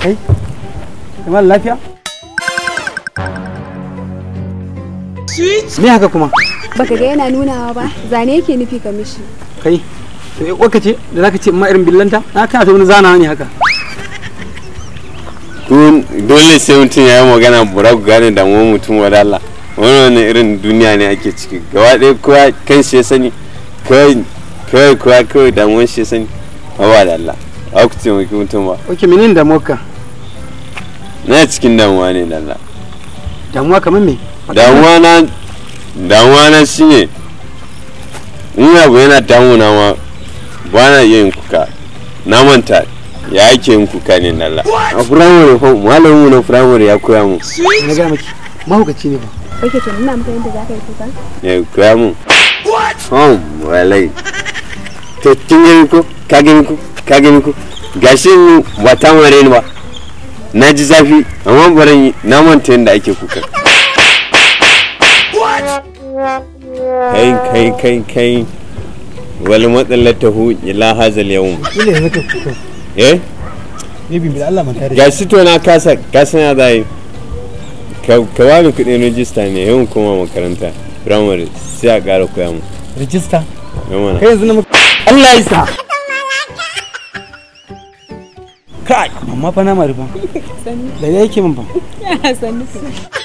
kai kamar lafiya me haka kuma baka ga yana nunawa ba zane yake nufi ka mishi kai to ya kwaka ce da zaka ce ma irin billanta na kana ta wani zana ne haka dole sai mutum ya yi magana bura gane da mu mutum wa Allah wani wani irin duniya ne ake ciki gaba ɗaya kowa kan shi ya sani kawai kawai kowa kawai damuwan shi ya sani ba da Allah ba ku taimaki mutum ba ok menene da ka na cikin damuwa ne lalla damuwa kamar me damuwa na damuwa na shine in abu yana damuna ma ba na iya yin kuka na manta ya ake yin kuka ne lalla a firamare fa malamu na firamare ya koya mu na ga miki mahaukaci ne ba kake to nuna maka yadda za ka yi kuka ne koya mu hom walai to tun yi ko ka gani ko ka gani ko gashi wata mare ni ba na ji zafi amma bari na manta yadda ake kuka kai kai kai kai wal hu ila hazal yawm ile yanzu ka kuka eh bi bil Allah ga shi to na kasa kasa na zai ka ka wani kudin register ne yawan kuma makaranta primary sai a ƙara koya mu register kai yanzu na Allah ya sa kai amma fa na marifa da yake min fa sanni